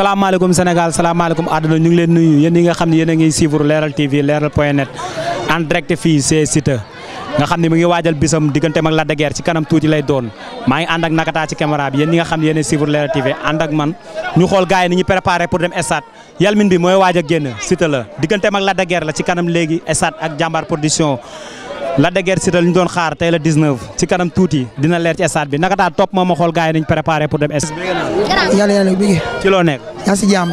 salaamaaleykum Sénégal salaamaaleykum àdduna ñu ngi leen nuyu yéen ñi nga xam ne yéen ngi suivre Leral TV Leral point net en direct fii c'est Siteu nga xam ne mu ngi waajal bisam digganteem ak Lac de Guiers ci kanam tuuti lay doon maa ngi ànd ak ci caméra bi nga xam ne yéen suivre Leral TV ànd man ñu xool gars ni ñu préparé pour dem stade yalmin bi mooy waaj a génn Siteu la digganteem ak Lac de Guiers la ci kanam léegi stade ak jàmbaar production Lac de Guiers ñu doon xaar tey la 19 ci kanam tuuti dina leer ci stade bi nakataa topp moom ma xool gars yi ni ñu préparé pour dem stade. yàlla yàlla bëgg.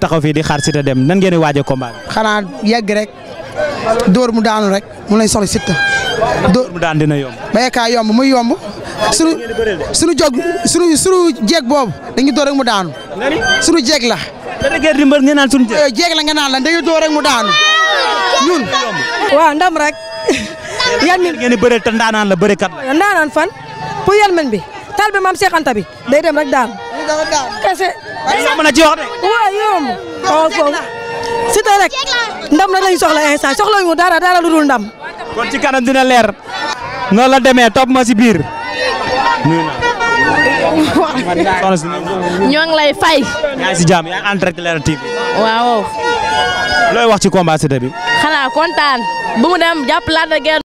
taxaw fii di xaar Siteu dem nan ngeen di waajee combat bi. dóor mu daanu rek mu la soxla Siteu. dóor mu daan dina yomb. ka yomb muy yomb. suñu suñu jog suñu suñu jeeg boobu dañuy dóor mu daanu. suñu jeeg la. dana gerte di mbër ngeen eh, la nga naan la dañuy dóor rek mu daanu ñun. waaw ndam rek. yan mi ngeen di bëree te ndaanaan la bëri kat la. ndaanaan fan pour yan men bi tal bi maam Cheikh bi day dem rek daanu. kese. waaye yomb Siteu rek ndam rek lañ soxla instant soxla ñu dara dara lu dul ndam. ci kanam dina leer. noonu la demee topp ma si biir. ñoo ngi lay fay. yaa ngi si yaa ngi en direct Leral looy wax ci combat Siteu bi. xanaa kontaan bu dem jàpp la ne gerte.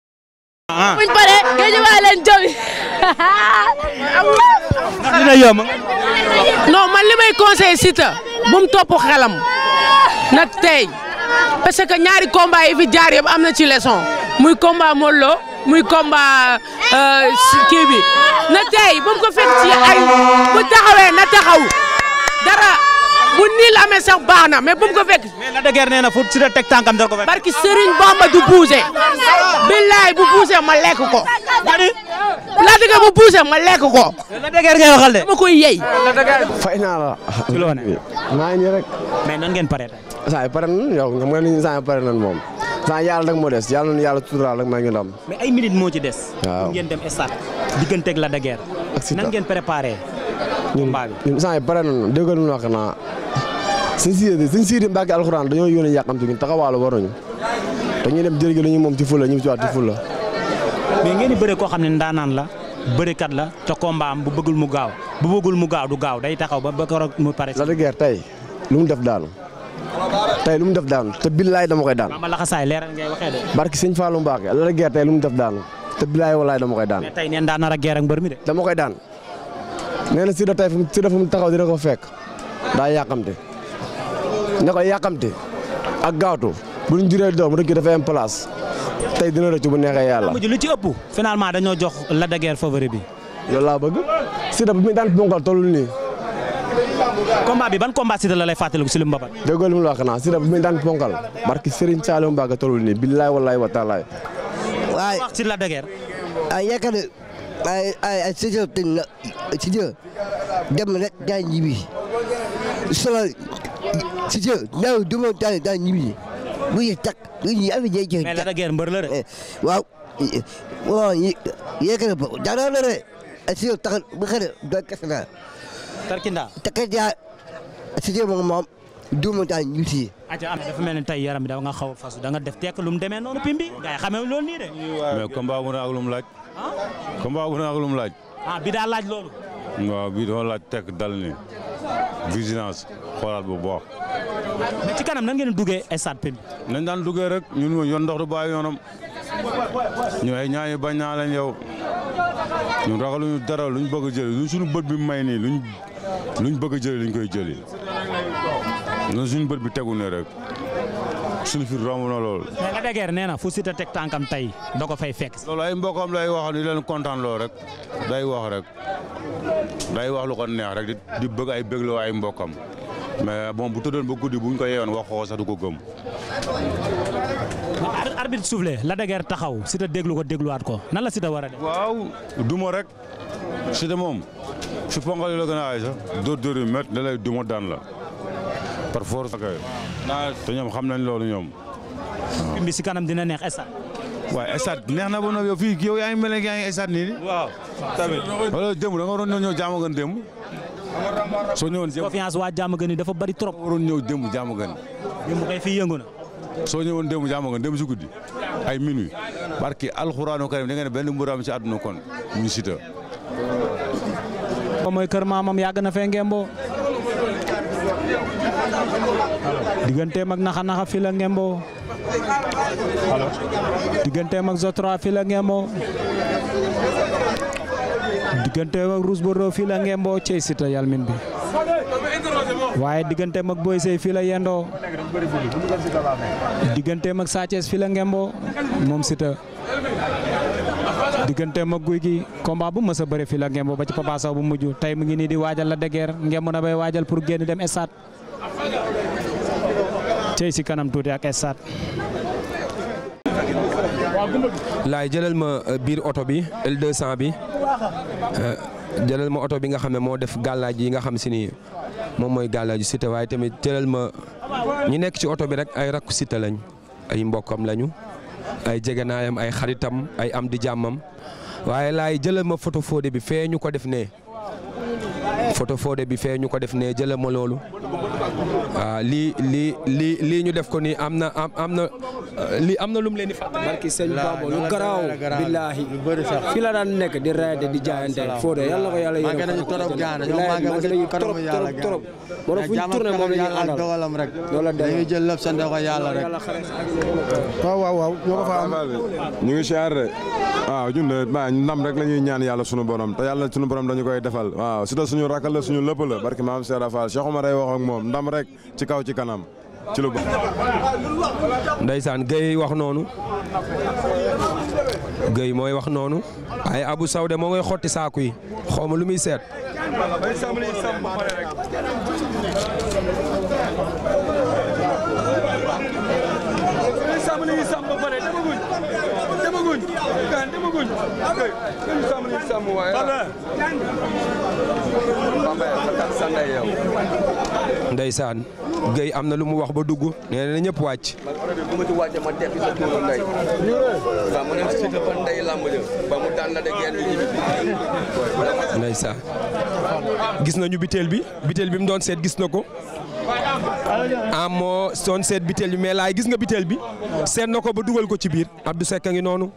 ah buñ paree géej waay man li ma conseillé Siteu bu mu topp na tey parce que ñaari combat yi fi jaar yëpp am na ci leçon muy combat Modou Lo muy combat euh, kii bi na tey ba ko fekk ci ay bu taxawee na taxaw dara bu nii la amee sax baax na mais bu mu ko fekk. mais la dëgër nee na fu si la teg tànkam dara ko fekk. barki Serigne Bamba du buuse. billaay bu buuse ma lekk ko. la dëgër bu buuse ma lekk ko. la dëgër ngay waxal de. dama koy yey. fay la. saa yi pare nañ yow xam nga ni saa yi pare moom saa yàlla rek moo des yàlla na yàlla tuuraal rek maa ngi ndam. mais ay minutes moo ci des. waaw ngeen dem stade digganteeg la daguerre. nan ngeen préparé. combat bi ñun saa yi pare nañ dégg nga lu si wax naa suñ siiree suñ siiree mbàkk alxuraan dañoo yónnee yàqamtu gi taxawaalu waruñu dañuy dem jërëjëf dañuy moom ci fula ñu ci waat ci fula. mais ngeen di bëre koo xam ne ndaanaan la bërikat la te combat am bu bëggul mu gaaw bu bëggul mu gaaw du gaaw day taxaw ba ba keroog mu pare. la daguerre lu mu def daanu tey lu mu def daanu te billaay dama koy daan. waaw man laxasaay leeral ngay waxee de. barki sëñ Fallou Mbacke la guerre tey lu mu def daanu te billaay walaay dama koy daan. mais tey neen a guerre ak mbër mi de. dama koy daan nee na si da tey fu mu si dina ko fekk daa yàqamte ne ko yàqamte ak gaawtu bu ñu juree doom rek dafay am place tey dina rëcc bu neexee yàlla. mujj lu ci ëpp finalement dañoo jox la de guerre favori bi. loolu laa da bu muy daan ponkal tolul nii. combat bi ban combat Siteu la lay fàttaliku si lu mbapat mu la wax naa Siteu daan ponkal barki Serigne Saliou Mbacké tollu nii billaay wallaay wa taalaay waay wax ci la dëgër daan ñibbi solo Siteu naaw duma daan daan bu ñu tag bu ñu am jeex eh, jeex bu xëy na doon Tarkinda Tarkinda si jéem a moom duuma daal ñu si. atiwaat dafa mel ni tey yaram bi da nga xaw a fas da def tekk lu mu demee noonu pimbi gars yi xamee loolu nii de. mais combat bu ne ak lu mu laaj. Ah? combat bu ne ak lu mu laaj. Ah, bi daa laaj loolu. waaw bi doo laaj tekk dal ni vigilance xoolaat bu baax. mais ci kanam nan ngeen duggee pimbi. nañ daan duggee rek ñun yoon ndox du bàyyi ñu ay ñaari bañ naa leen yow ñun ragaluñu dara luñ bëgg jël luñ suñu bët bi may nii luñ. luñ bëgg a jëli luñ koy jëli na suñu bët bi tegu ne rek suñu fi romb na lool. mais la nee na fu Siteu teg tànkam tey da ko fay fekk. loolu ay mbokkam lay wax ni leen kontaan lool rek day wax rek day wax lu ko neex rek di bëgg ay bégloo ay mbokkam mais bon bu tëddoon ba guddi buñ ko yeewoon wax ko sax ko gëm. arbitre soufflé la dëgër taxaw Siteu déglu ko dégluwaat ko nan la Siteu war waaw duma rek Siteu moom. su pongal yi gën a aay sax dóor dóor yu métti da lay duma daan la par force. te ñoom xam nañ loolu ñoom. bi si kanam dina neex stade. waaw stade neex na ba noppi yow fii yow yaa ngi mel ne yaa ngi stade nii. waaw tamit. wala démb da nga waroon ñëw jaamu gën démb. soo ñëwoon démb confiance waa jaamu gën dafa bari trop. waroon ñëw démb jaamu gën. yëngu na. soo ñëwoon démb jaamu gën démb si guddi ay minuit. parce que alxuraanu karim da ngeen àdduna kon ñu mooy kër maamam yàgg na fee ngemboo digganteem ak naxa naxa fi la ngemboo digganteem ak zotra fi la ngemboo fi la ngemboo cey sita yalmin bi waaye digganteem ak Boy yendoo digganteem ak Sa Thiès moom sita digganteem ak guy gi combat bu mës a bëri fii la ngemb ba ci Papa Sow bu mujj tey mu ngi nii di waajal la degeer ngemb na bay waajal pour génn dem stade tey si kanam tuuti ak stade. laay jëlal ma euh, biir oto bi L200 bi euh, jëlal ma oto bi nga xam ne moo def gàllaaj yi nga xam si ni moom mooy gàllaaju Siteu waaye tamit jëlal ma ñi nekk ci oto bi rek ay rakku Siteu lañ ay mbokkam lañu ay jegenaayam ay xaritam ay am di jàmmam waaye laay jëlal ma photo Fodé bi fee ñu ko def ne photo Fodé bi fee ñu ko def ne jëla ma loolu waaw ah, lii lii lii ñu def ko nii am na am na lii am na lum leen di fàttali. lu garaaw billaahi fi la daan nekk di raade di jaayante Fodé yàlla ko yàlla torop torop torop. fu ñu tourné la ñuy àndal dogalam rek. loola dañuy jël lépp sant ko yàlla rek. waaw waaw waaw ñoo ko fa am. ñu ngi siyaar de waaw ñun de ndam rek rakal la suñu lëpp la barki maam Seera Fall Cheikh Oumar ay wax ak moom ndam rek ci kaw ci kanam ci lu baax. ndeysaan Guèye wax noonu Guèye mooy wax noonu ay Abu Sawde moo ngay xotti saaku yi xaw ma lu muy seet. ndeysaan Guèye am na lu mu wax ba dugg nee na gis nañu biteel bi biteel bi mu doon seet gis na ko. ah moo doon seet biteel bi mais laay gis nga biteel bi seet na ko ba dugal ko ci biir Abdou Seck a ngi noonu.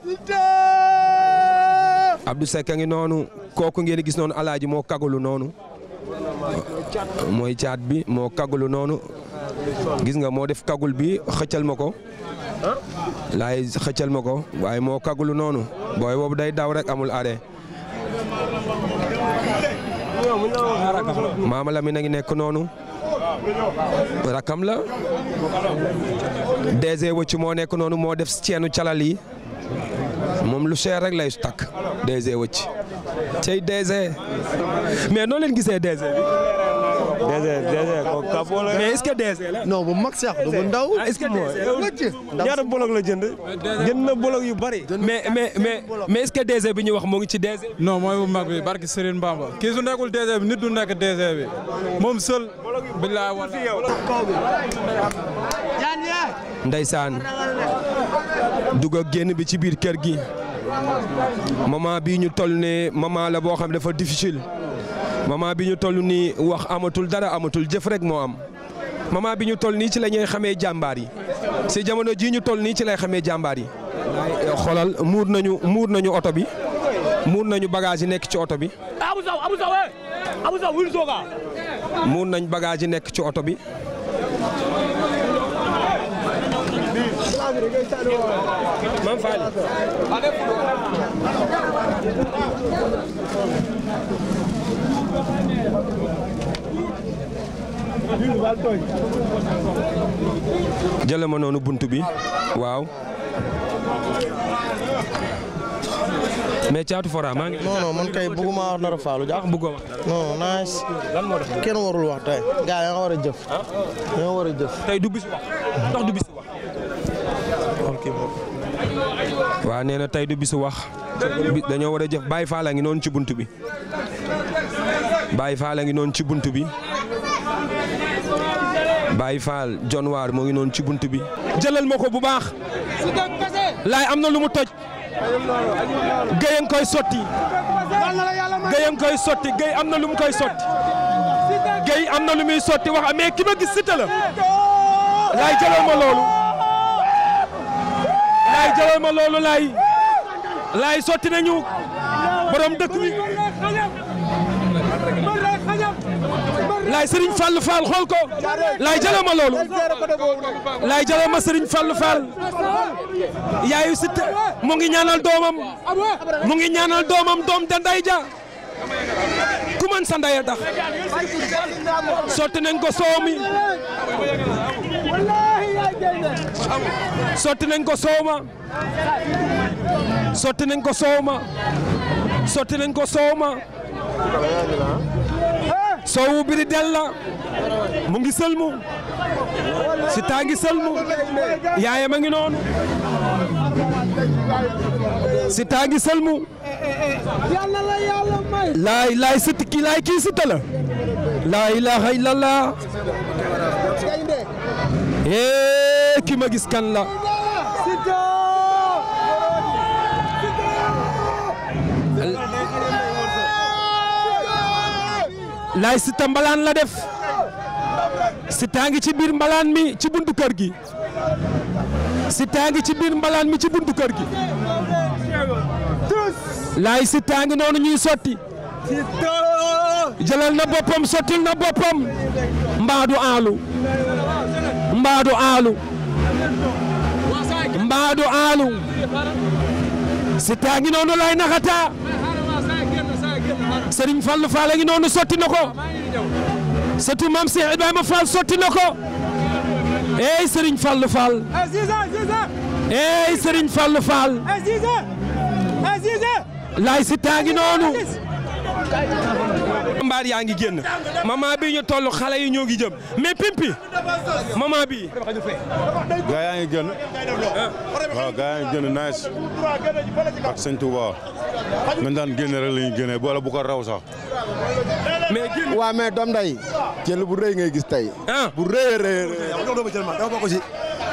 Abdou Seck a ngi noonu kooku ngeen gis noonu alaaji moo kagalu noonu. mooy caat bi moo kagulu noonu gis nga moo def kagul bi xëccal ma ko laay xëccal ma ko waaye moo kagulu noonu booy boobu day daw rek amul arrêt maama mi a ngi nekk noonu rakam la DG wëcc moo nekk noonu moo def ceenu calal yi moom lu cher rek lay takk DG wëcc cey DG mais noo leen gisee DG bi. DG DG ko capot la. mais est-ce que DG la. non bu mag sax du bu ndaw. Ah, est-ce que DG la jënd. jënd na bolok yu bari. mais mais mais mais est-ce que bi ñu wax moo ngi ci DG. non mooy bu mag bi barki Serigne Bamba. kii su nekkul DG bi nit du nekk DG bi moom seul. bilaay wala. ndeysaan. dugg ak génn bi ci biir kër gi moment bii ñu toll ne moment la boo xam dafa difficile moment bi ñu toll nii wax amatul dara amatul jëf rek moo am moment bi ñu toll nii ci la ñuy xamee jàmbaar yi si jamono jii ñu toll nii ci lay xamee jàmbaar yi. xoolal muur nañu muur nañu oto bi muur nañu bagage yi nekk ci oto bi. Eh! muur nañ bagage yi nekk ci oto bi. Mam jële ma noonu bunt bi waaw mais caatu fora maa man kay bëgguma wax nar a faalu jaax ah, bëggoo naa kenn warul wax tey. gars yi war a jëf. da ah. war a jëf. tey du bis wax. ndax du bis. waa nee na tey du bisu wax dañoo war a jëf Baye Fall a ngi noonu ci bunt bi Baye Fall a ngi noonu ci bunt bi Baye Fall John Waar moo ngi noonu ci bunt bi. jëlal ma ko bu baax. laay am na lu mu toj. géyang koy sotti. géyang koy sotti géy am na lu mu koy sotti. géy am na lu muy sotti wax mais ki ma gis Siteu la. laay jëlal ma loolu. laay jëlal ma loolu laay sotti nañu borom dëkk bi laay Serigne Fall Fall xool ko laay ma loolu laay jëlal ma Serigne Fall Fall yaayu Siteu mu ngi ñaanal doomam mu ngi ñaanal doomam doom danday ja ku mën sa ndey tax sotti nañ ko soow mi sotti nañ ko soow ma sotti nañ ko soow ma sotti nañ ko soow ma soowu biri del la mu ngi sëlmu si taa ngi sëlmu yaayam a ngi noonu Siteu a ngi sëlmu. yàlla la yàlla may. kii laay la. laa ilaaha illallah. hee ki ma gis kan la. laay Siteu mbalaan la def. Siteu ci biir mbalaan mi ci buntu kër gi. Siteu a ci biir mbalaan mi ci buntu kër gi. laay Siteu ngi noonu ñuy sotti jëlal na boppam sottil na boppam mbaadu aalu mbaadu aalu mbaadu aalu Siteu ngi noonu laay naxataa Serigne Fallou Fall ngi noonu sotti na ko sëtu maam Cheikh Ibrahima Fall sotti na ko eey Serigne Fallou Fall eey Serigne Fallou Fall laay Siteu ngi noonu. mbaar yaa ngi génn moment bi ñu toll xale yi ñoo ngi jëm mais pimpi moment bi gaa yaa ngi génn waaw gaa yaa génn nice ak sëñ Touba nañ daan génne rek la ñuy génne boole bu ko raw sax waaw mais doom day jël bu rëy ngay gis tey ah. bu rëy a rëy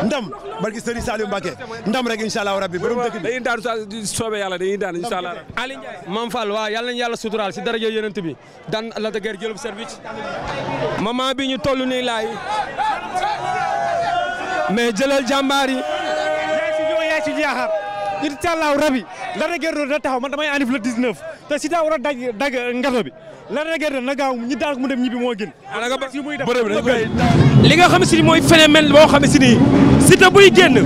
ndam barki Serigne Saliou Mbacké ndam rek incha allah rabbi borom dëkk bi dañuy daan soobee yàlla dañuy daan incha allah Aliou Ndiaye Mame Fall waaw yàlla nañu yàlla suturaal si daraja yonent bi daan la de guerre service moment bi ñu toll ni laay mais jëlal jàmbaar yi yaay si ñoo yaay si jaaxaar incha allah rabbi la de guerre da taxaw man damay anif le 19 te si daa war a daj daj bi Lac de Guiers na gaaw ñi daal ko mu dem ñibbi moo gën. Ah, li nga xam si ni mooy phénomène boo xam si ni Siteu buy génn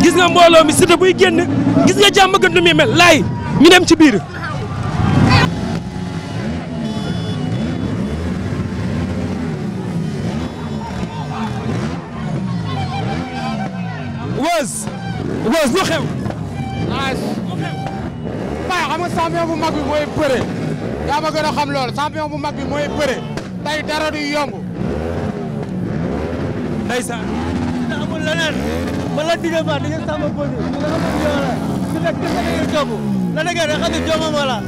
gis nga mbooloo mi Siteu buy génn gis nga jàmm gën lu muy mel laay ñu dem ci biir. Weuz. Weuz lu xew. waaw xam nga champion bu mag bi mooy bëre. yaa ma gën a xam loolu champion bu mag bi mooy bëre tey dara du leneen man la diggante ba dañuy sàmm boobu ñu nga la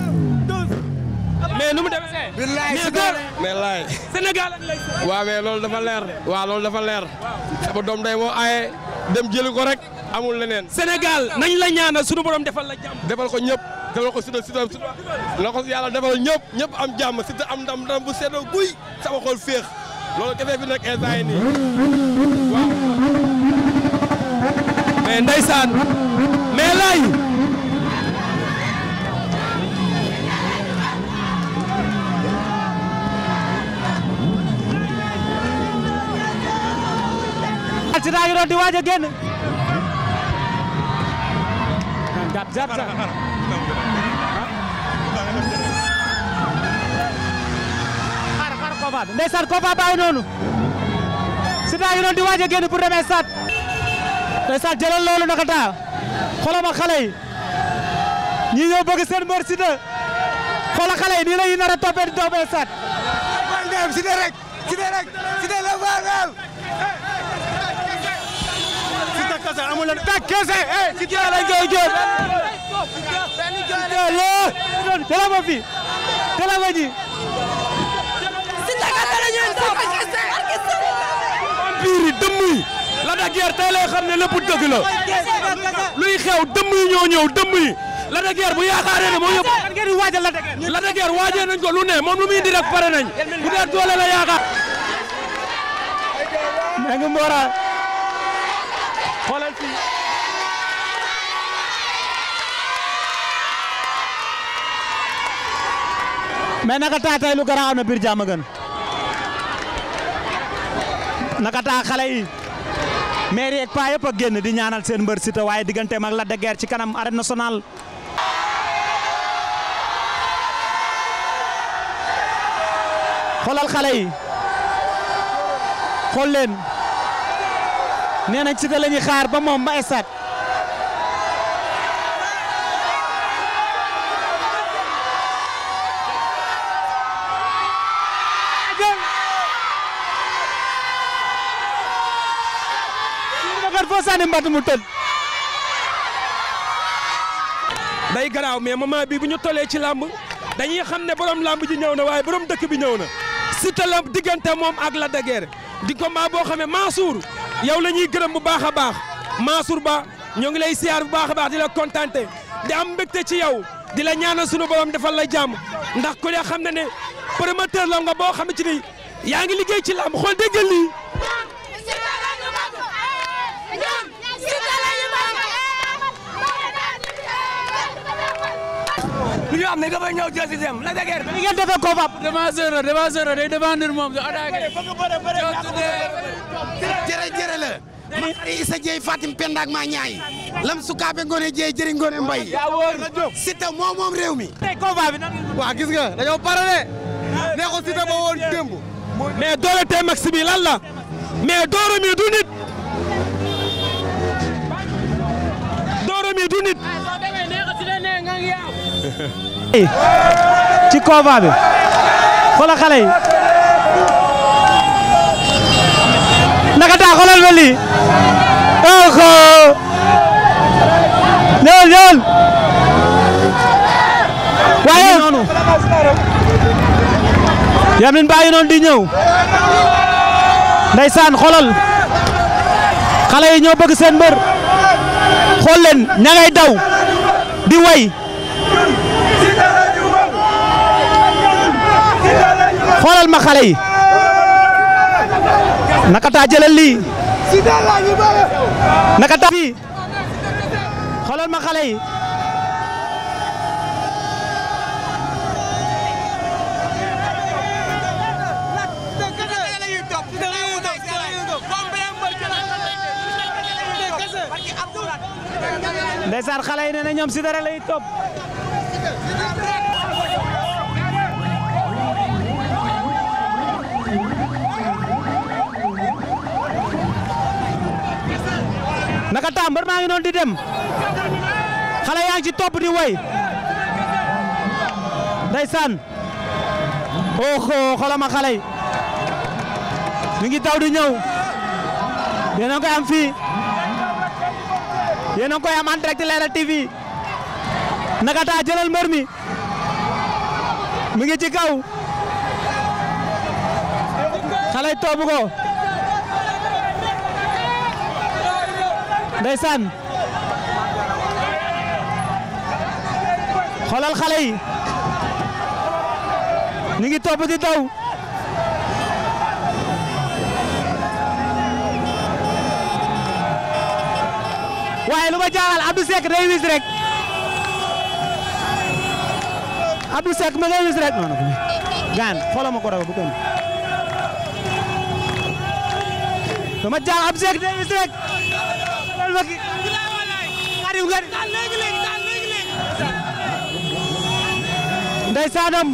mais nu mu demee. billaay Sénégal loolu dafa leer. waaw loolu dafa leer. sama doom day moo aaye dem jëli ko rek amul leneen. senegal nañ la ñaanal sunu borom defal la jàmm. defal ko ñëpp. defal ko Siteu Siteu la ko yàlla defal ñëpp am jàmm Siteu am ndam ndam bu seddoo guy sama xol féex loolu kese bi nag instant yi nii waaw. mais ndeysaan lay combat bi ndeysaan combat bàyyi noonu Siteu ngi doon di waaj a génn pour demee stade ndeysaan jëlal loolu naka taa xoolal ma xale yi ñi ñoo bëgg seen mbër nii la ñuy nar toppee di toppee stade Siteu rek Siteu rek Siteu yi dëmm yi la da guerre tey lay xam ne lépp dëgg la luy xew dëmm yi ñoo dëmm yi la da bu yaakaaree ne yëpp la da waajee nañ ko lu ne moom lu muy indi rek pare nañ bu dee doole la yaakaar ma ngi Mbora xoolal fii taatay lu garaaw na biir jàmm naka taa xale yi maire yeeg paa yëpp a génn di ñaanal seen mbër Siteu waaye digganteem ak la de ci kanam arène nationale. xoolal xale yi xool leen nee nañ Siteu xaar ba moom ba stade. sànni mu tëdd. day garaaw mais moment bi bu ñu tolee ci làmb dañuy xam ne borom làmb ji ñëw na waaye boroom dëkk bi ñëw na. Siteu la diggante moom ak la de Guiers di combat boo xamee Mansour yow la ñuy gërëm bu baax a baax Mansour Ba ñoo ngi lay siyaar bu baax a baax di la kontante di am mbégte ci yow di la ñaanal sunu borom defal la jàmm ndax ko ku ne xam na ne promoteur la nga boo xam ci ni yaa ngi liggéey ci làmb xool dégg lii. yoo xam ne dafay ñëw jël si dem la dëgër. ma xari Issa Dieye Fatim Penda ak maa ñaay. lam sukaabe ngone Dieye jëri ngone mbay. yaa moom moom réew mi. tey combat ba woon démb. mais doole Tmax bi lan la. mais mi du ci combat bi xoolal xale yi naka taa xoolal ma lii oho ñëwal ñëwal waaye Yamine bàyyi noonu di ñëw ndeysaan xoolal xale yi ñoo bëgg seen mbër xool leen daw di way xoolal ma xale yi Nakata jëlal lii Nakata fii xoolal ma xale yi ndeysaan xale yi nee na ñoom Sidara lay naka taa mbër maa ngi noonu di dem xale yaa ngi ci topp di way ndeysaan oh xoolal ma xale yi ngi taw di ñëw yéen a ngi koy am fii yéen a ngi koy am en direct Leral TV naka taa jëlal mbër mi mu ngi ci kaw xale yi topp ndeysaan xoolal xale yi ñu ngi topp di daw waaye lu ma jaaxal Abdou Seck day wis rek Abdou Seck ma ngay wis rek gaan xoolal ma ko daw bu lu ma jaaxal Abdou Seck day wis rek xool ma kii. xarit nga ndeysaanam.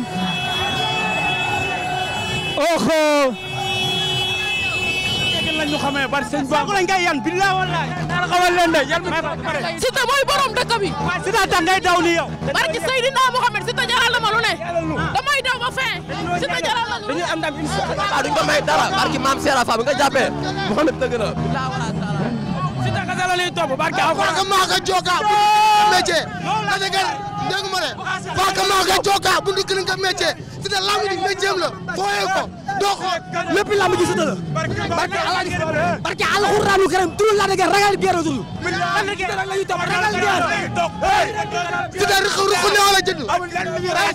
oho. dégg lañ ñu xamee bari yan billaay wallaay. dara xamal leen de yan bi pare. Siteu mooy borom dëkk daw ni yow. Seydina Mohamed Siteu jaral na ma daw ba fee. Siteu jaral na lu ne dañuy am ndam ah, maam Serap Fall nga jàppee Mohamed dëgg la ñuy topp barke Alxuraan faka maaka joka bundu métier dafa gën dégg ma ne faka maaka joka bundu kiliñ ka métier si te lamb ji métier am la fooyee ko doo ko lépp lamb ji si te la barke Alaaji barke Alxuraanu Karim turu la dëgg ragal guerre turu ragal guerre si te ruq ruq ne wala judd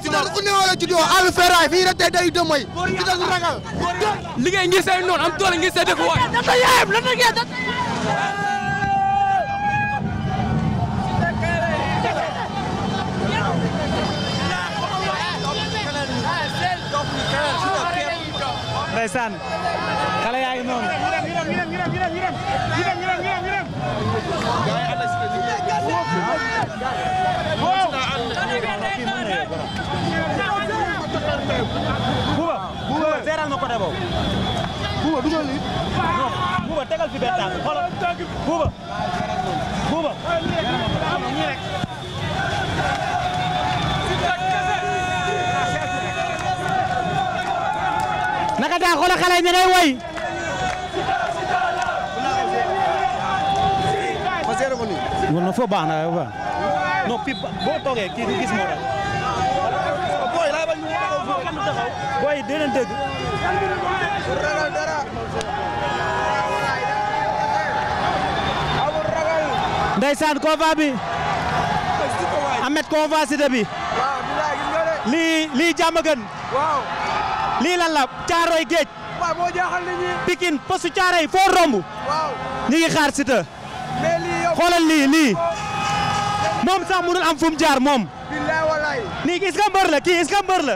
si te ruq ne wala judd yoo Alou Ferraille fii rek day dem mooy si te ragal liggéey ngir say noon am doole ngir say dëkk waay ndeysaan xale yaa ngi noonu buuba buuba seeral ma côté boobu buuba dugal li buuba tegal fi benn tànk xoolal buuba buuba ñii rek naka daa xoolal xale yi way. wala na foo baax na waaw waaw. boo toogee kii gis moo tax. booy laa bañ ñu taxaw kenn taxaw. booy yi dinañ dégg. ragal dara. ndeysaan lii lii jàmm lii lan la caaroy géej. waaw moo jaaxal nit ñi. Pikine postu caaroy foo romb. waaw ngi xaar Siteu. mais lii lii moom sax mënul am fu jaar moom. billaay walaay. nii gis mbër la kii gis mbër la.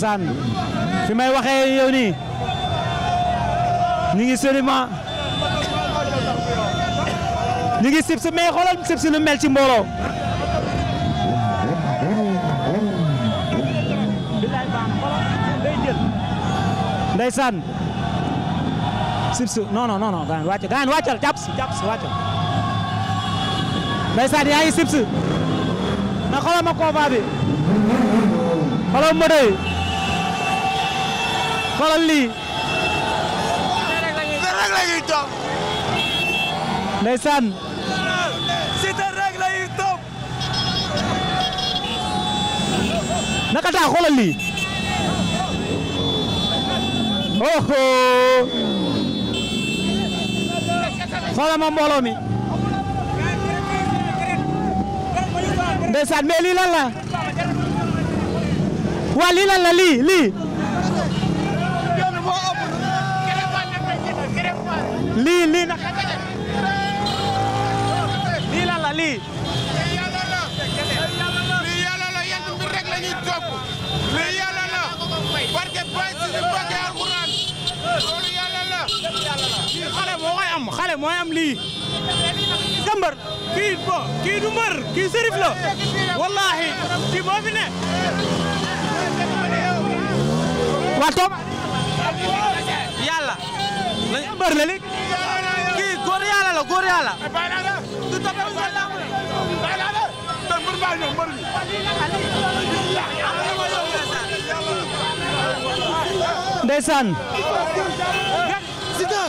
depuis 3 fi may waxee yow nii ngi seulement ñu ngi sib si mais xoolal sib si nu mel ci mbooloo. ndeysaan sib si non non gaan wàccal gaan wàccal jàpp si jàpp si wàccal yaa ngi sib na xoolal ma combat bi xoolal ma xoolal lii. rek la ñuy topp. ndeysaan. Siteu rek la ñuy topp. naka taa xoolal lii. lii lan la. waa lii lan la lii lii. mooy am lii jàmbar kii du mbër kii sërif la wallahi kii boo waa toom yàlla la jàmbar la kii góor yàlla la góor yàlla du topp sa lamb te mbër baa ñëw mbër ndeysaan Siteu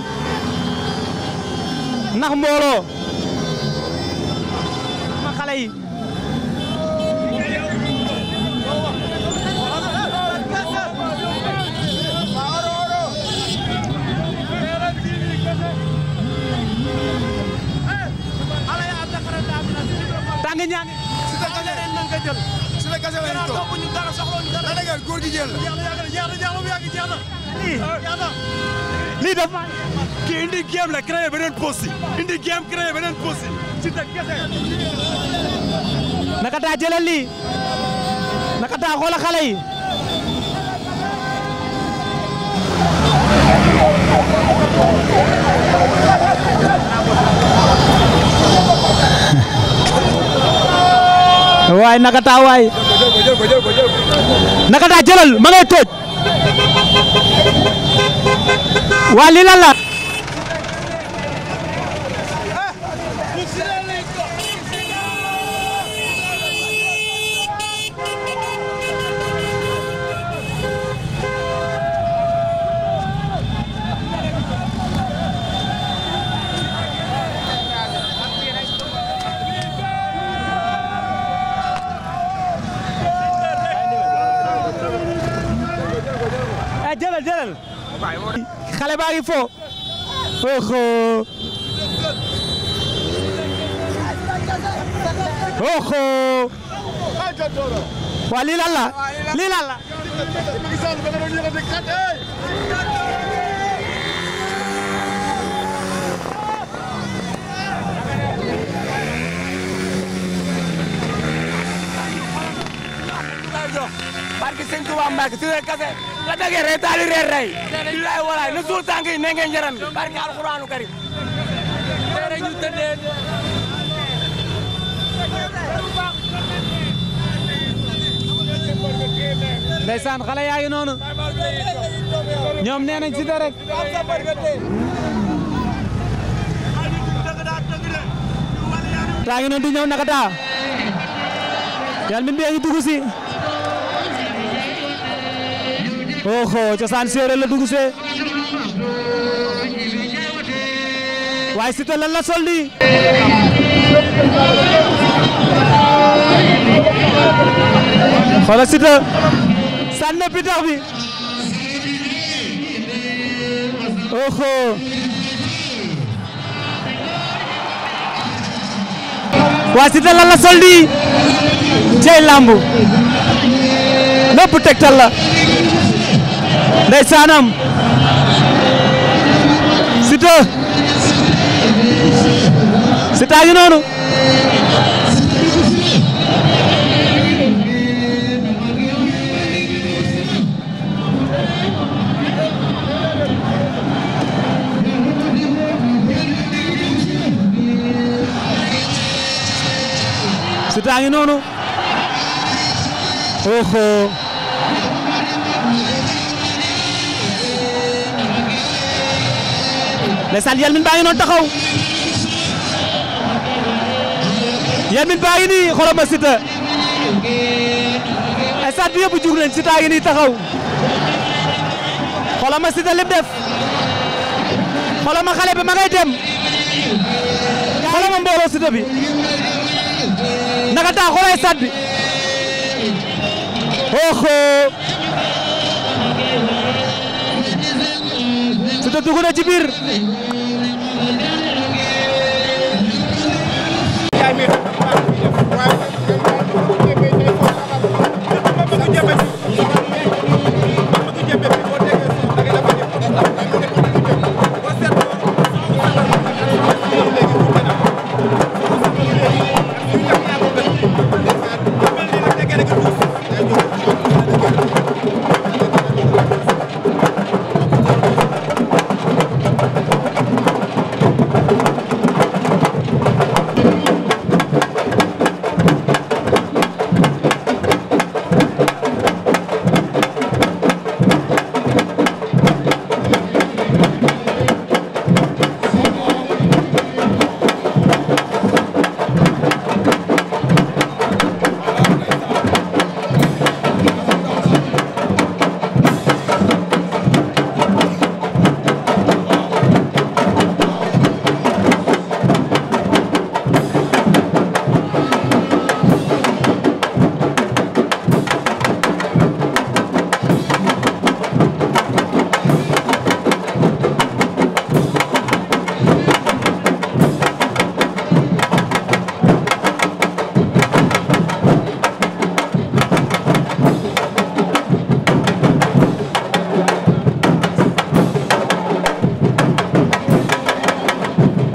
ndax mbooloo ma xale yi tànk ñaani si la kase lañ toog góor gi jël la lii daf maa kii indi géem la créé beneen poste indi géem créé beneen poste Siteu kese. naka taa jëlal lii naka taa xoola xale yi. waay naka taa waay. naka taa jëlal ma ngay tooj. waa lii lan la jëlal jëlal xale baa ngi fo oxo oxo waa lii lan la lii lan la barke Sëñ Tuubaa Mbàkke la dagee rey taali reer rey na suul tànk yi ne ngeen yaram bi barke alxuraanu karim ñu tëddee ndeysaan xale yaa ngi noonu ñoom nee nañ si te rek ngi noonu di ñëw naka taa yal min bi ngi dugg oho cosaan séeréer la dugg see waaye Siteu lan ndeysaanam Siteu Siteu noonu Siteu ndeysaan Yelmin baa ngi noonu taxaw Yelmin baa ngi nii xoolal ma Siteu stade bi yëpp jug nañ Siteu a nii taxaw xoolal ma Siteu def xoolal xale bi ma dem xoolal ma mbooloo bi naka taa xoolal stade bi oh. dugg na ci biir Thank you.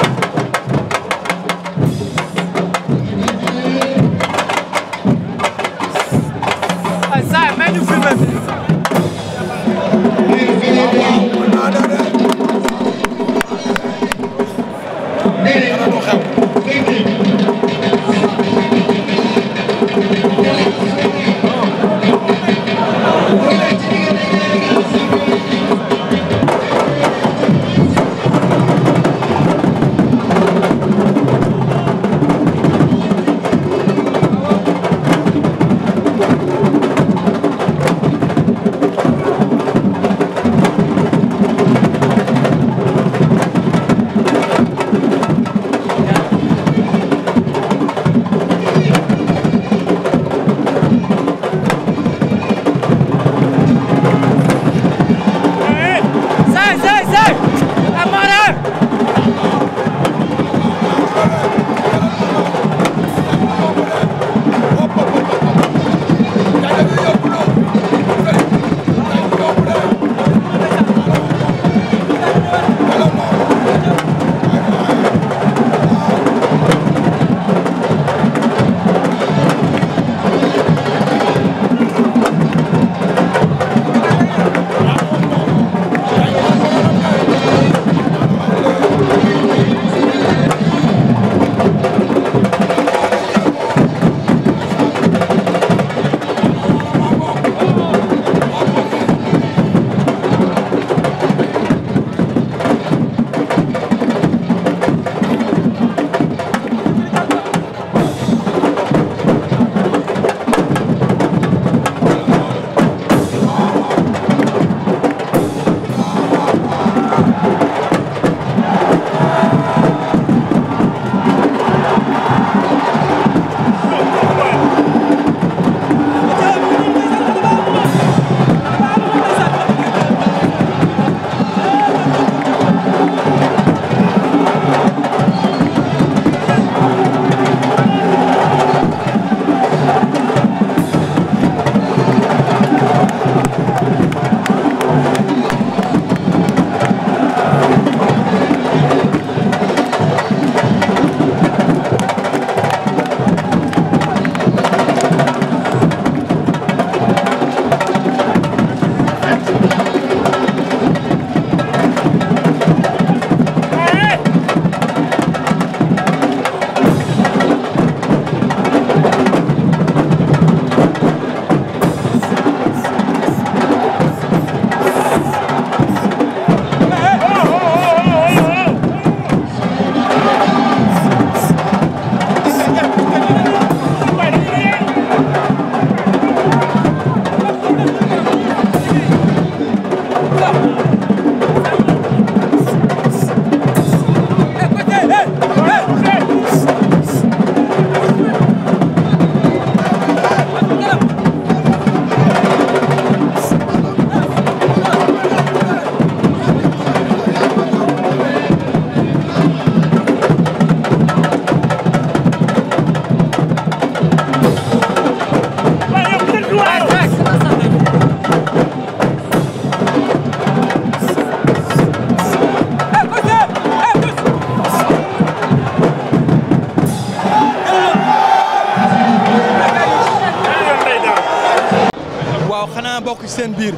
bokk ci seen biir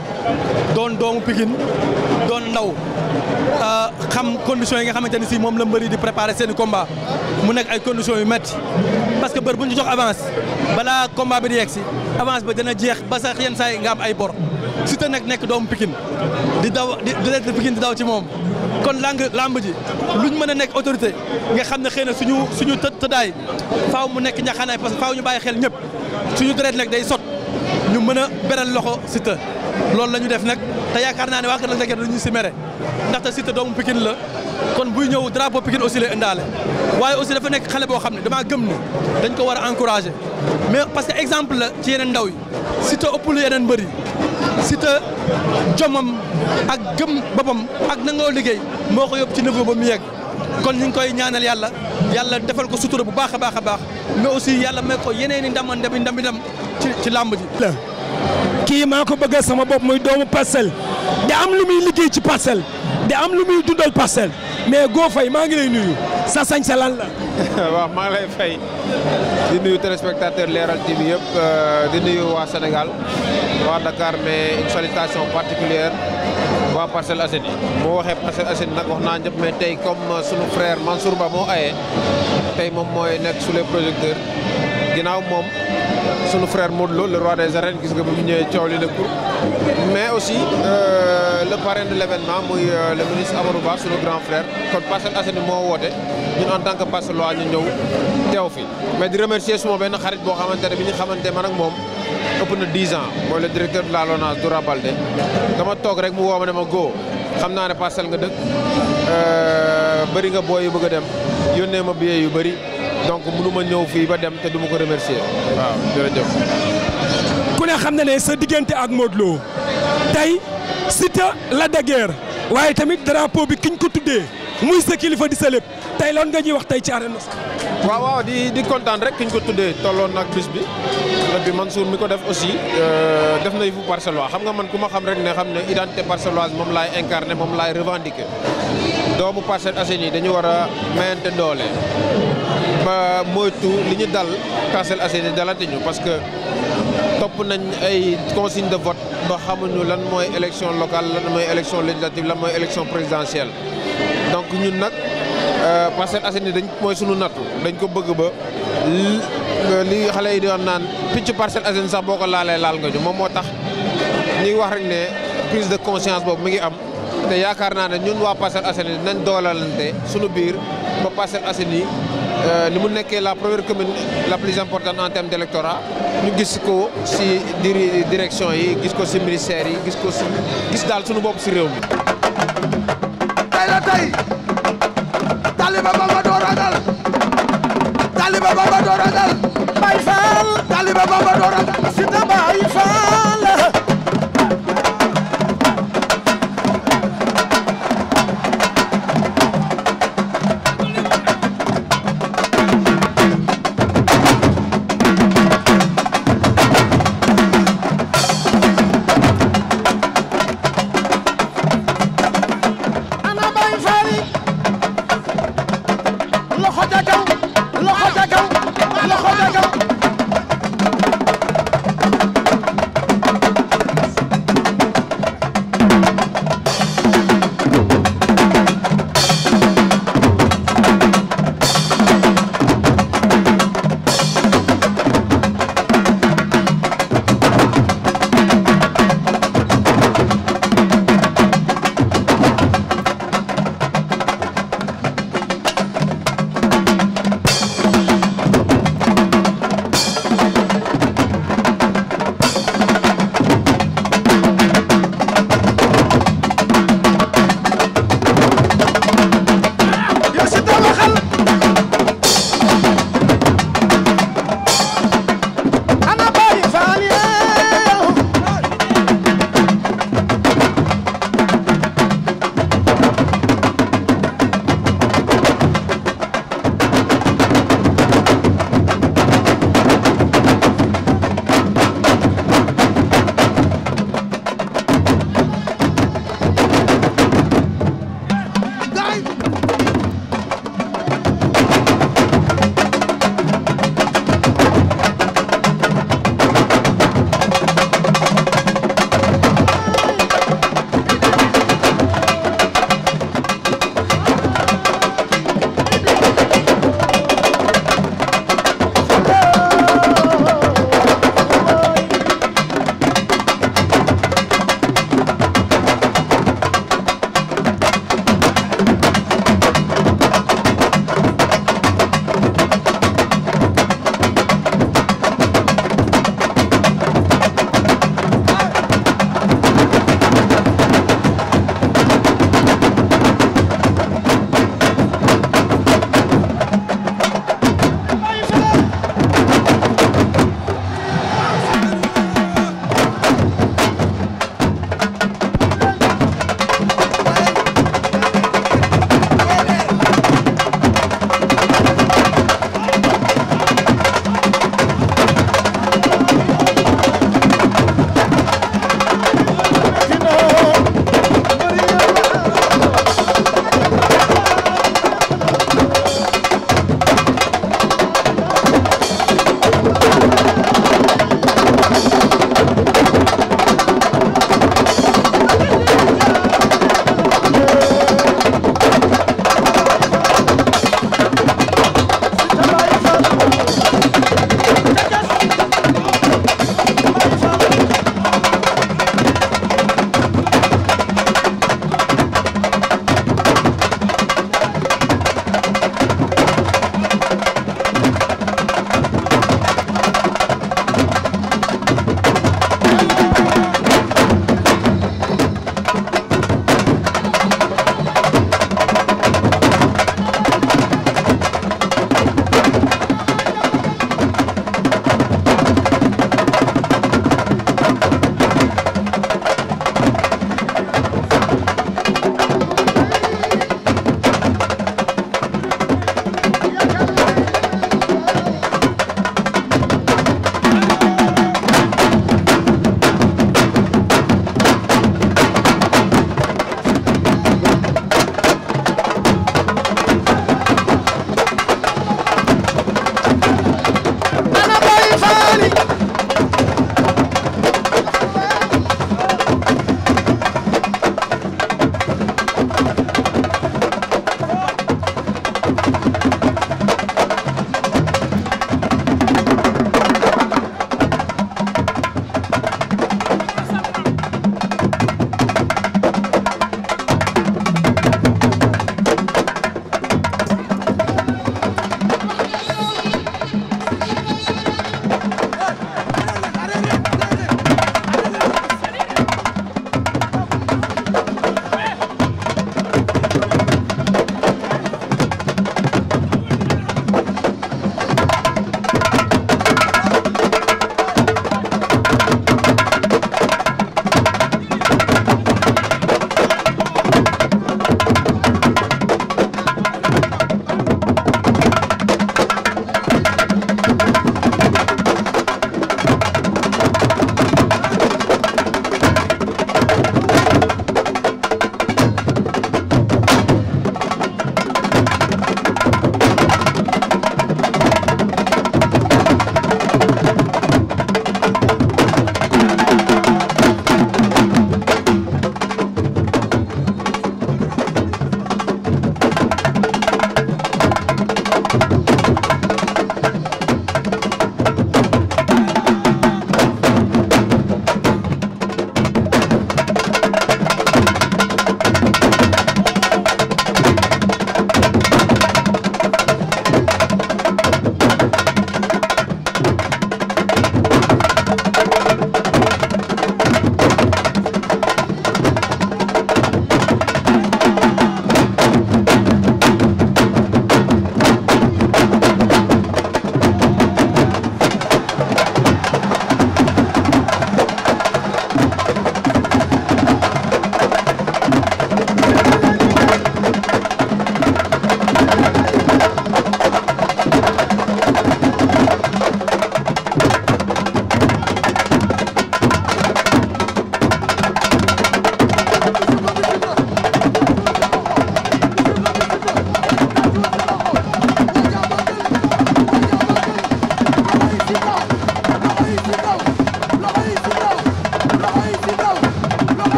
doon doomu Pikine doon ndaw euh, xam conditions yi nga xamante ne si moom la mbëri di préparer seeni comba mu nekk ay conditions yu métti parce que bër bu ñu jox avance balaa comba bi di yegg si avance ba dana jeex ba sax yenn saa yi nga am ay bor si nag nekk doomu Pikine di daw di di Pikine di daw ci moom. kon lang lamb ji luñ mën a nekk autorité nga xam ne xëy na suñu suñu të tëddaay faaw mu nekk ñaxaanaay parce que faaw ñu bàyyi xel ñëpp suñu deret nag day sot ñu mën a beral loxo Siteu loolu la ñu def nag te yaakaar naa ne waa kër Lac de Guiers dañuy si mere ndaxte Siteu doomu Pikine la kon buy ñëw drapeau Pikine aussi lay indaale waaye aussi dafa nekk xale boo xam ne damaa gëm ne dañ ko war a encourager mais parce que exemple la ci yeneen ndaw yi Siteu ëpp lu yeneen mbër yi Siteu jomam ak gëm boppam ak nangoo liggéey moo ko yóbbu ci niveau ba mu yegg. kon ñu ngi koy ñaanal yàlla yàlla defal ko sutura bu baax a baax a baax mais aussi yàlla may ko yeneen i ndam ndam ndam ndam ci ci làmb ji. kii maa ko bëgg sama bopp muy doomu parcelle da am lu muy liggéey ci parcelle da am lu muy dundal parcelle mais Go Faye maa ngi lay nuyu sa sañ sa lan la. waaw maa ngi lay fay di nuyu téléspectateur Leral TV yëpp euh, di nuyu waa Sénégal waa Dakar mais une salutation particulière waa Parcelles Assainies moo waxee Parcelles Assainies nag wax naa ñëpp mais tey comme euh, sunu frère Mansour Ba moo aye tey moom mooy nekk su les projecteurs ginaaw moom sunu frère Modou Lo le roi de arènes gis nga bu mu ñëwee coow li la pour mais aussi euh, le parrain de l'événement muy euh, le ministre Amadou Ba grand frère kon Parcelles Assainies moo woote ñun en tant que Parcellois ñu ñëw teew fi mais di remercier suma benn xarit boo xamante ne bi ñu xamante man ak moom ëpp na diis an mooy le directeur de la LONASE Doura Baldé dama toog rek mu woo ma ne ma góo xam naa ne parcelle nga dëkk euh, bari nga booy yu bëgg a dem yónnee ma billet yu bari donc mënu ma ñëw fii ba dem te du ma ko remercier waaw jërëjëf. ku ne xam na ne sa diggante ak Modou Lo tey Siteu la de waaye tamit drapeau bi kiñ ko tuddee. muy sa kilifa di sa lépp tey loon nga ñuy wax tey ci arène waaw waaw di di kontaan rek ki ñu ko tuddee tolloon nag bis bi bi man Mansour mi ko def aussi euh, def na yëfu Parcellois xam nga man ku ma xam rek ne xam ne identité parcelloise moom lay incarné moom laay revendiqué doomu Parcelles Assainies yi dañu war a mayante doole ba moytu li ñu dal Parcelles Assainies dalante ñu parce que topp nañ ay consigne de vote ba xamuñu lan mooy élection locale lan mooy élection législative lan mooy élection présidentielle donc ñun nag euh, Parcelles Assainies dañ mooy suñu nattu dañ ko bëgg ba li xale yi doon naan picc Parcelles Assainies sax boo ko laalee laal nga ñu moom moo tax ñi wax rek ne prise de conscience boobu mi ngi am te yaakaar naa ne ñun waa Parcelles Assainies nañ doolalante sunu biir ba Parcelles Assainies ni euh, mu nekkee la première commune la plus importante en termes d'électorat ñu gis ko si diri direction yi gis ko si ministère yi gis ko si gis daal suñu bopp si réew mi. tey taliba Bamba doo ragal taliba Bamba doo ragal Baye Fall taliba Bamba doo ragal Siteu Baye Fall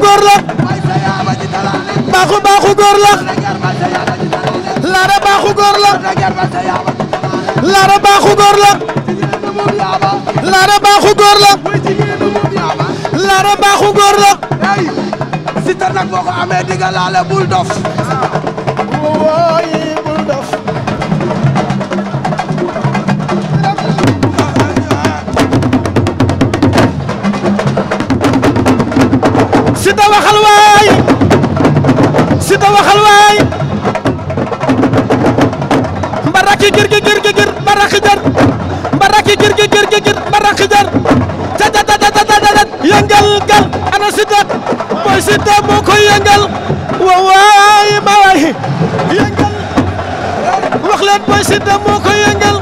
góor la baaxu baaxu góor la laara baaxu góor la laara baaxu góor la laara baaxu góor la laara baaxu góor la Siteu nag boo ko amee digga laale bul dof waxal waay Siteu waxal waay mbaraki gir gir gir gir gir mbaraki jar mbaraki gir gir gir gir gir mbaraki jar ca ca ca ca ca yëngal gal ana Siteu mooy Siteu moo koy yëngal waay ma waay yëngal wax leen mooy Siteu moo koy yëngal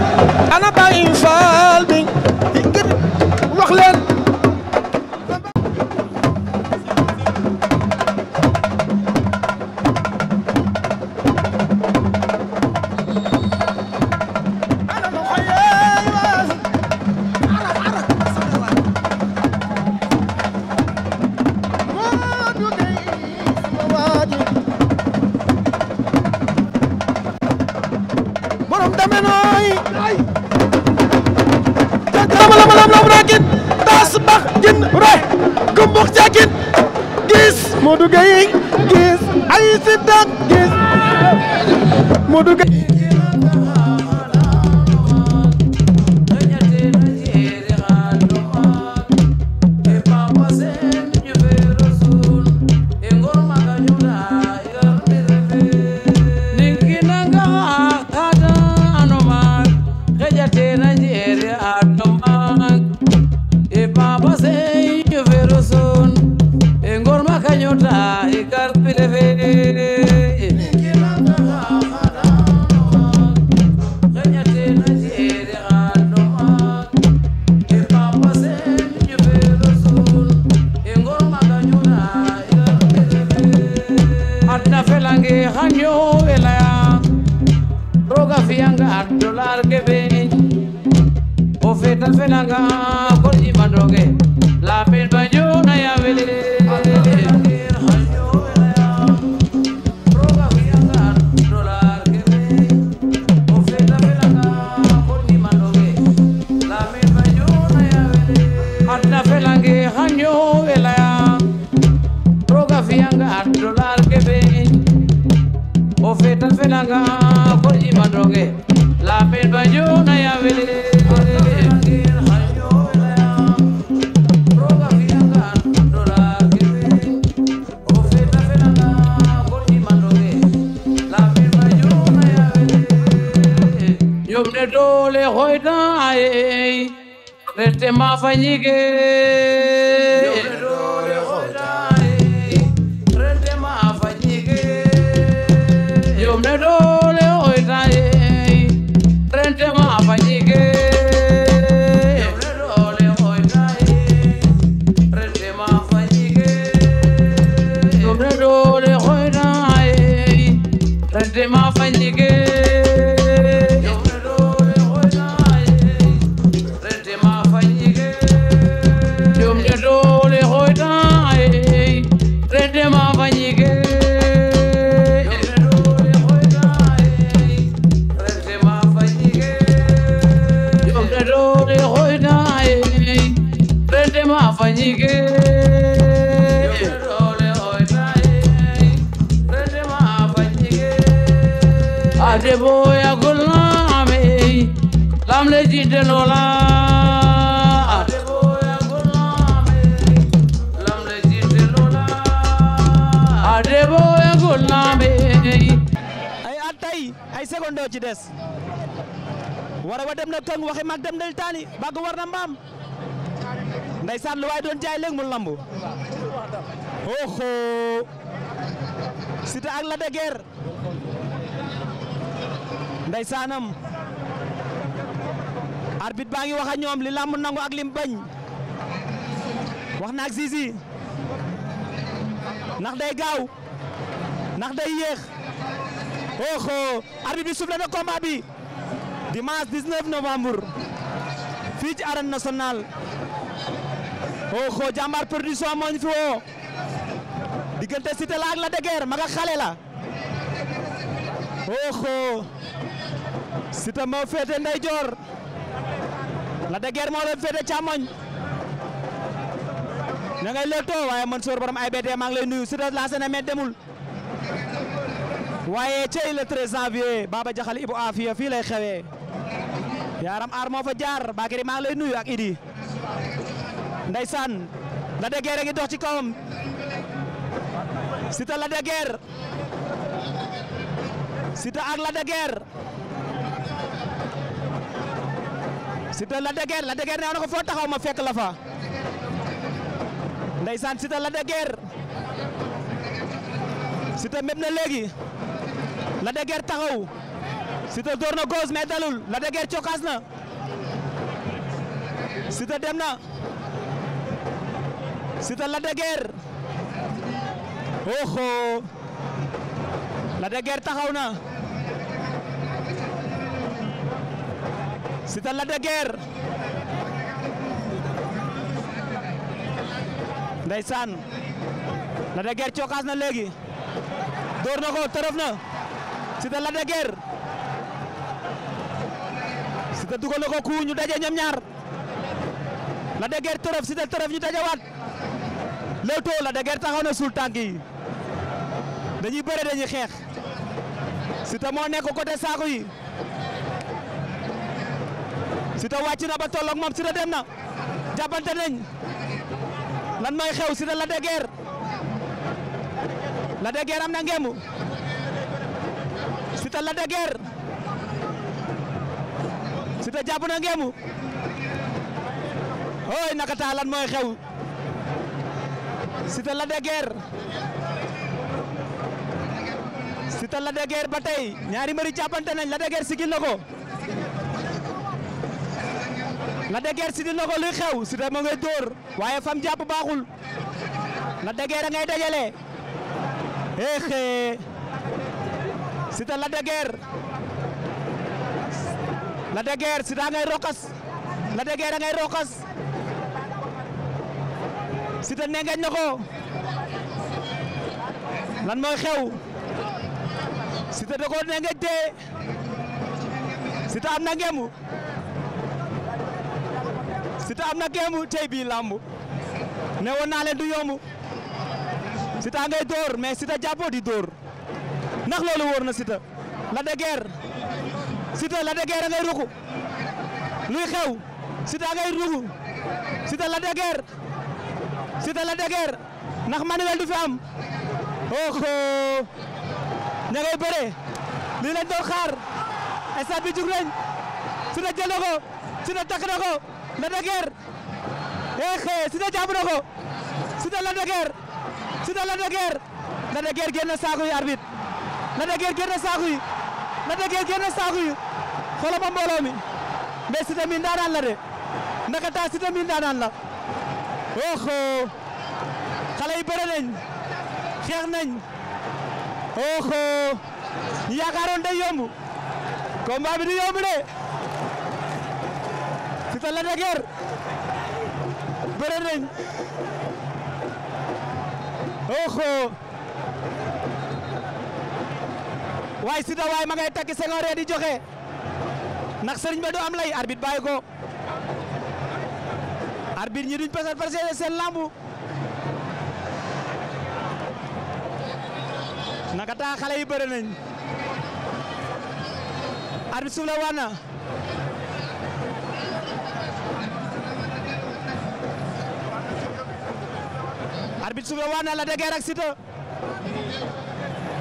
bokk jakit gis Modou Gueye gis ay sitak gis Modou Gueye nanga debo engul naame ay at ay secondo ci des wara wa dem na këng waxi mag dem na taani bàgg war mbaam ndeysaan lu waay doon jaay léegi mu lamb oho Siteu ak Lac de Guiers ndeysaanam baa ngi wax ak ñoom li lamb nangu ak lim bañ wax na ak ndax day gaaw ndax day yéex oho arbitre bi soufflé na combat bi dimanche 19 novembre fii ci arène nationale oho jàmbaar production moo fi woo diggante Cité la ak Lac de ma nga xale la oho Cité moo féete ndeyjoor Lac de Guiers moo leen féete càmmoñ na ngay lëkkatoo waaye Mansour borom ay BT maa ngi lay nuyu Siteu lancé na mais demul waaye cey le 13 janvier Baba Jaxal Ibou Afia fii lay xewee yaram aar fa jaar Bakary maa ngi lay nuyu ak Idi ndeysaan la de guerre ngi dox ci kawam Siteu la de guerre Siteu ak la de guerre Siteu la de guerre la de guerre nee na ko foo taxaw ma fekk la fa. ndeysaan Siteu Lac de Guiers Siteu méb na léegi Lac de Guiers taxaw Siteu door na gauche mais dalul Lac de Guiers cokkaas na Siteu dem na Siteu Lac de Guiers oho Lac taxaw na Siteu Lac de ndeysaan Lac de Guiers cokaas na léegi door na ko tërëf na Siteu Lac de Guiers Siteu dugal na ko ku ñu daje ñoom ñaar Lac de Guiers tërëf Siteu tërëf ñu dajewaat léewtoo Lac la Guiers taxaw na suul tànk yi dañuy bëre dañuy xeex Siteu moo nekk côté saako yi Siteu wàcc na ba tolloog moom Siteu dem na jàppante nañ lan mooy xew si Lac de Guiers la de Guiers am na ngeemu Siteu Lac de Guiers Siteu jàpp na ngeemu ooy naka taa lan mooy xew Siteu Lac de Guiers Siteu Lac de Guiers ba tey ñaari mbëri jàppante nañ Lac de Guiers sigil na ko la si di na ko luy xew si da ma ngay waaye fam jàpp baaxul la degeer eh, eh. a ngay dajale eexee si da la degeer la degeer si da ngay rokas la degeer a ngay rokas si da nengeñ na ko lan mooy si da da ko te si da am na Siteu am na géemu tey bii làmb ne woon naa leen du yomb Siteu ngay dóor mais Siteu jàppoo di dóor ndax loolu wóor na Siteu la de guerre la de guerre ngay ruku luy xew Siteu ngay ruku Siteu la de guerre la de guerre ndax manuel du fi am oh ña ngay bëree lii lañ doon xaar stade bi jug nañ Lac de Guiers eh, eh Siteu jàpp na ko Siteu Lac de Guiers Siteu Lac de Guiers Lac de Guiers génn saako yi arbitre Lac de Guiers génn saako yi Lac de Guiers génn saako yi xoolal ma mbooloo mi mais Siteu mi ndaanaan la de naka taa Siteu mi ndaanaan la oxo xale yi nañ xeex nañ oxo ñu yaakaaroon day yomb combat bi du yomb de Siteu Lac de Guiers oxo waay Siteu waay ma ngay takki sengooree di joxe ndax sëriñ ba du am lay arbitre bàyyi ko arbitre ñi duñ pasal parce seen lambu naka taa xale yi bëre nañ arbitre la wana arbitre suuf la waat na Lac de Guiers ak Siteu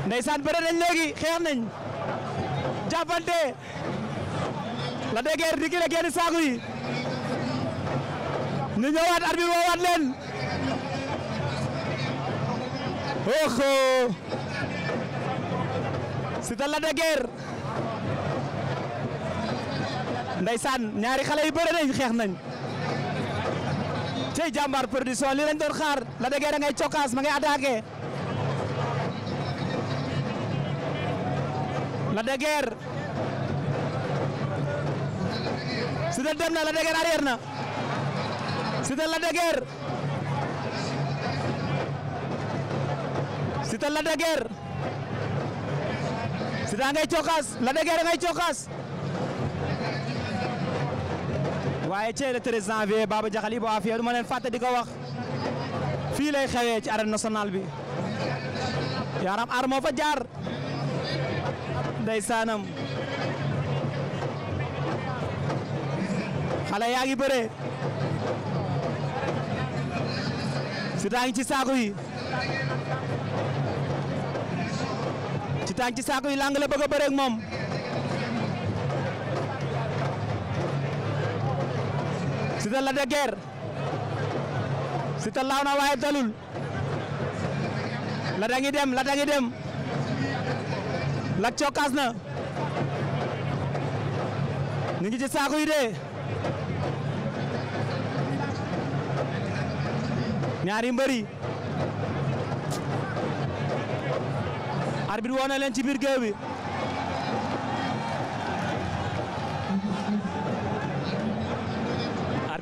ndeysaan nañ léegi xeex nañ jàppante Lac de Guiers dikki la génn saaku yi ñu ñëwaat arbitre woowaat leen oxo Siteu Lac de Guiers ndeysaan ñaari xale yi bëre nañ xeex nañ tey jàmbaar production lii lañ doon xaar la déggee da ngay cokkaas ma ngay attaqué la déggee Siteu dem na la déggee arrière na Siteu la déggee Siteu la déggee Siteu la déggee ngay cokkaas waaye tey le 13 janvier Baba Diakhal Ibou Afia du ma leen fàtte di ko wax fii lay xewee ci arène nationale bi yaram ar moo fa jaar ndeysaanam xale yaa ngi bëree si taa ci saako yi si taa ci saako yi lang la bëgg Siteu Lac de Guiers Siteu na waaye dalul Lac a ngi dem Lac a dem Lac cokkaas na ñu ngi saaku yi de ñaari mbëri arbitre woo na leen ci biir géew bi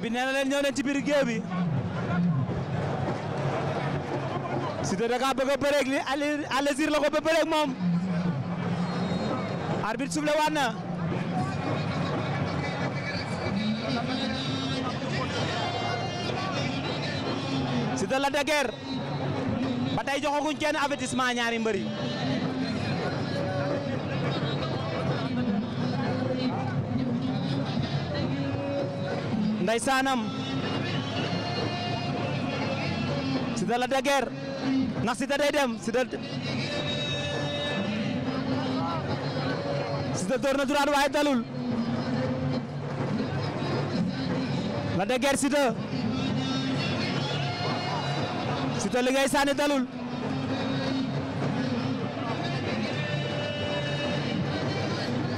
bi nee na leen ci biir géew bi Siteu da kaa li Alésir la ko ba bëreeg moom arbitre soufflé waat na Siteu la de guerre ba tey joxaguñ kenn avertissement ñaari mbër ndeysaanam Siteu la degeer ndax Siteu day dem Siteu Siteu door na duraat waaye dalul la degeer Siteu Siteu li ngay sànni dalul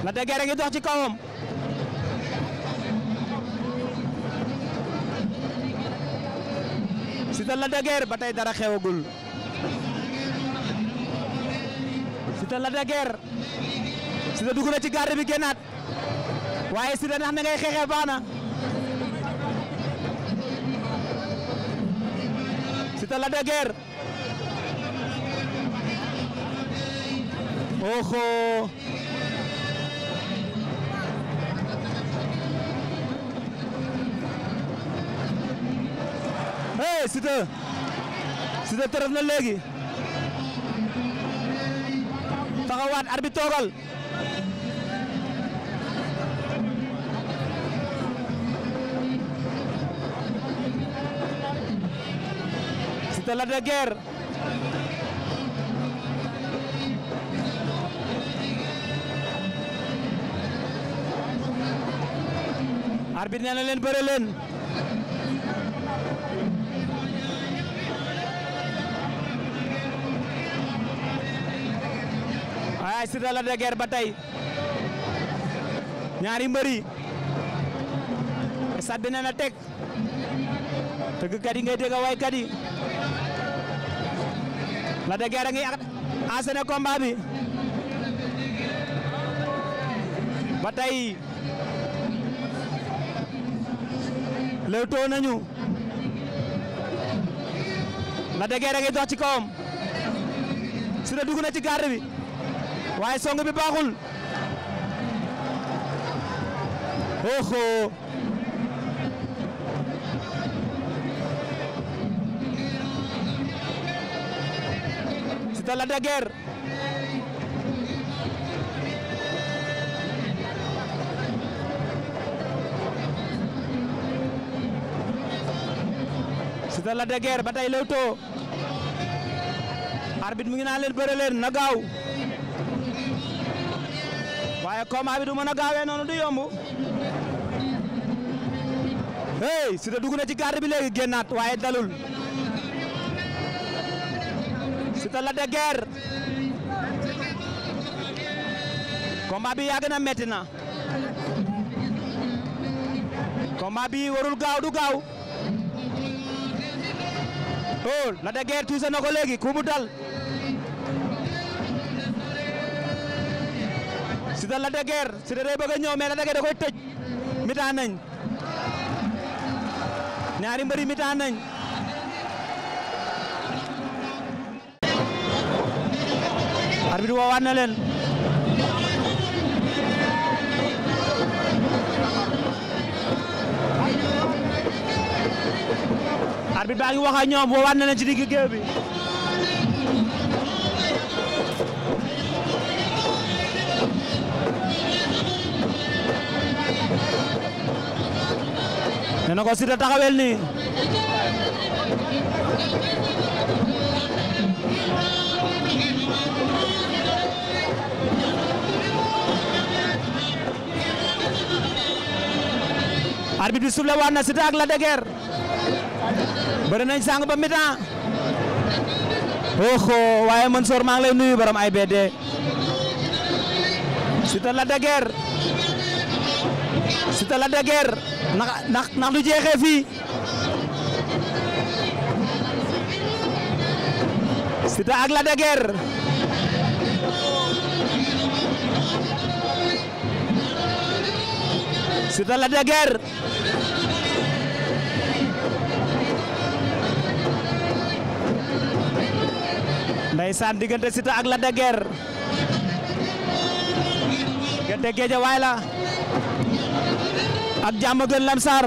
la degeer a dox ci kawam Siteu Lac de ba tey dara xewagul Siteu Lac de Guiers Siteu dugg na ci garde bi génnaat waaye Siteu ndax na ngay xeexee Siteu Siteu tërëf na léegi taxawaat arbi toogal Siteu la de guerre nee na leen bare leen waaye Siteu Lac ba tey ñaari mbër yi stade bi na teg tëggkat yi ngay dégg waykat yi Lac de Guiers a ngi enchaîné combat bi ba tey lewtoo nañu Lac ci kawam Siteu dugg na ci garde bi waaye song bi baaxul oho Siteu la de guerre Siteu la de guerre ba tey lewtoo arbitre mu ngi naa leen bëre leen na gaaw waaye combat bi du mën a gaawee noonu du yomb hey Siteu dugg na ci garde bi léegi génnaat waaye dalul Siteu la de guerre combat bi yàgg na metti na combat bi warul gaaw du gaaw oh la de guerre tuuse na ko léegi dal. Siteu Lac de Guiers Siteu day bëgg a ñëw mais Lac de Guiers da koy tëj mitaan nañ ñaari na leen arbitre baa ngi wax ak ñoom woowaat ci digg géew nee na ko Siteu taxawel nii arbitre bi soufflé waat na Siteu ak Lac de nañ sàng ba mi-temps waaye man soor maa ngi lay nuyu borom ay BD Siteu Lac la Guiers Siteu Lac de ndax ndax ndax du jeexee fii Siteu ak Lac de Guiers Siteu Lac de Guiers ndeysaan diggante Siteu ak Lac de Guiers diggante Géejawaay la ak jàmm gën Lamsar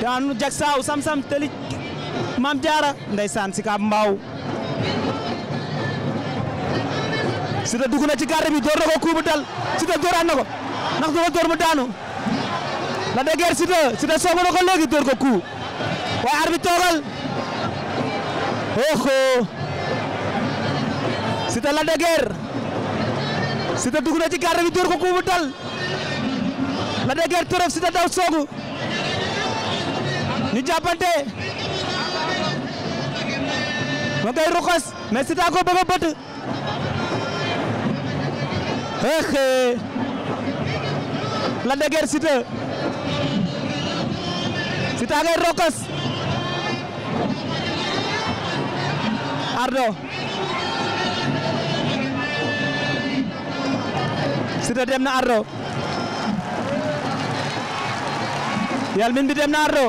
daanu jag saaw sam-sam tëli maam jaara si kaab mbaaw Siteu dugg na ci garde bi door na ko kuubu dal Siteu dooraat na ko ndax doo door mu daanu la degeer Siteu Siteu soogo na ko léegi door ko kuu waaye ar toogal oho Siteu la degeer Siteu dugg na ci garde bi door ko kuubu dal la de guerre tërëf Siteu daw soogu ñu jàppante ma ngay ruxas mais Siteu ko bëgg a bëtt xeexee eh, eh. la de guerre Siteu Siteu ngay ruxas Ardo Siteu dem na Ardo yelmin bi dem na Ardo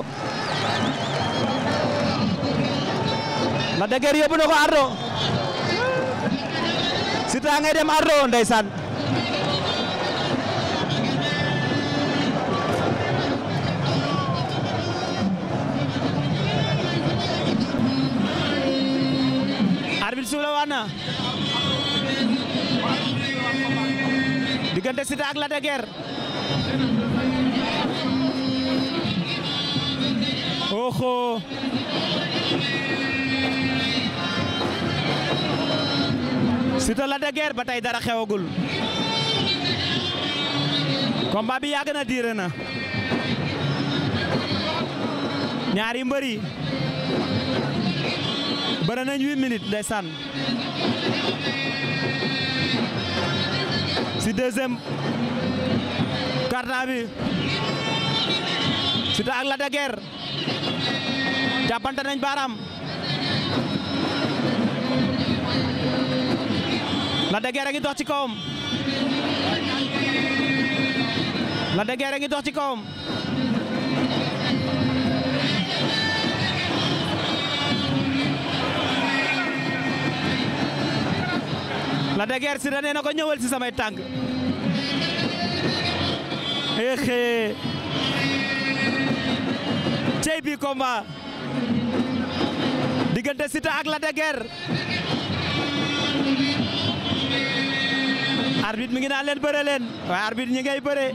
Lac de yóbbu na Ardo Siteu dem Ardo ndeysaan arbitre suuf la wana diggante Siteu ak rojo. Siteu Lac de Guiers ba tey dara xewagul. combat bi yàgg na diire na. ñaari mbër yi. bëre nañ huit minutes ndeysaan. si deuxième carton bi Siteu ak Lac de Guiers jàppante nañ baaraam Lac de Guiers a ngi dox ci kawam Lac de Guiers a ngi dox ci kawam Lac de Guiers si nee na ko ñëwal ci samay tànk exe cey bi combat diggante Siteu ak la de arbit arbitre mi ngi naan leen bëre leen waaye arbitre ñi ngay bare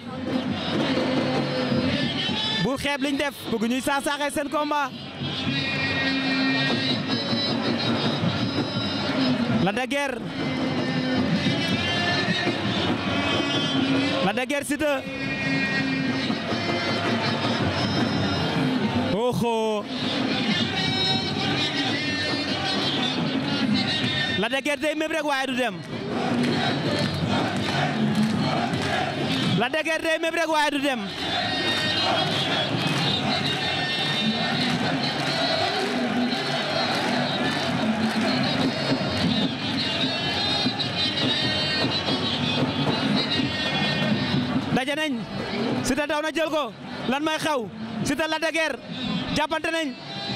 bul xeeb liñ def bëgg ñuy saasaaxee seen combat Lac de Guiers Lac de Guiers oho Lac de Guiers waaye du dem Lac de Guiers day waaye du dem daje nañ Siteu daw na jël ko lan may xaw Siteu Lac de Guiers jàppante nañ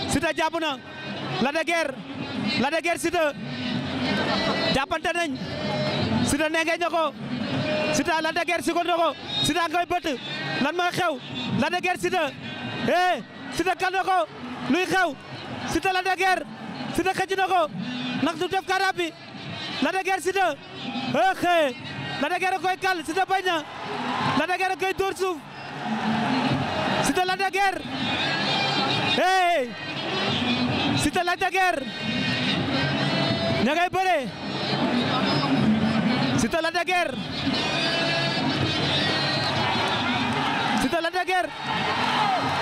Siteu jàpp na Lac de Guiers Lac de Guiers Siteu nañ Siteu nenge na ko Siteu Lac de Guiers na ko Siteu ngay bëtt lan mooy xew Lac de Guiers Siteu eh Siteu na ko luy xew Siteu Lac de Guiers Siteu na ko ndax du def karab bi Lac de Guiers Siteu eh Lac a koy kal Siteu bañ na Lac de Guiers a koy dóor suuf Siteu Lac hey Siteu Lac de Guiers ña ngay bëre Siteu Lac de Guiers Siteu Lac de Guiers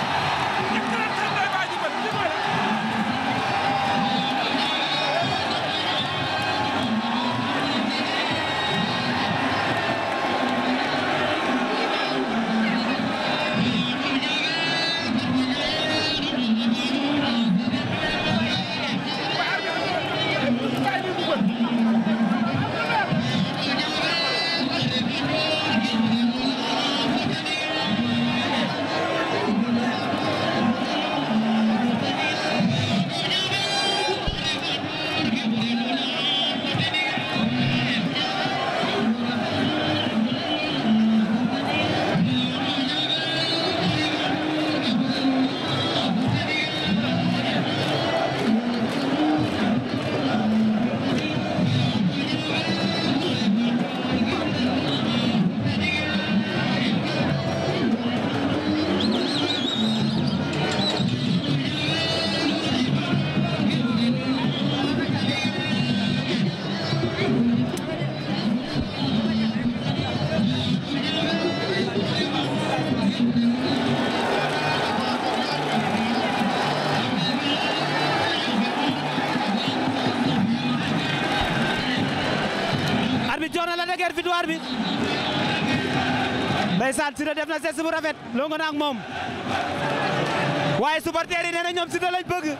ndeysaan Siteu def na geste bu rafet longo na ak moom waaye supporters yi nee na ñoom Siteu lañ bëgg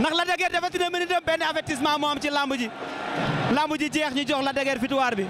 ndax la dëgër dafa dina mën a dem benn avertissement moo am ci lamb ji lamb ji jeex ñu jox la dëgër victoire bi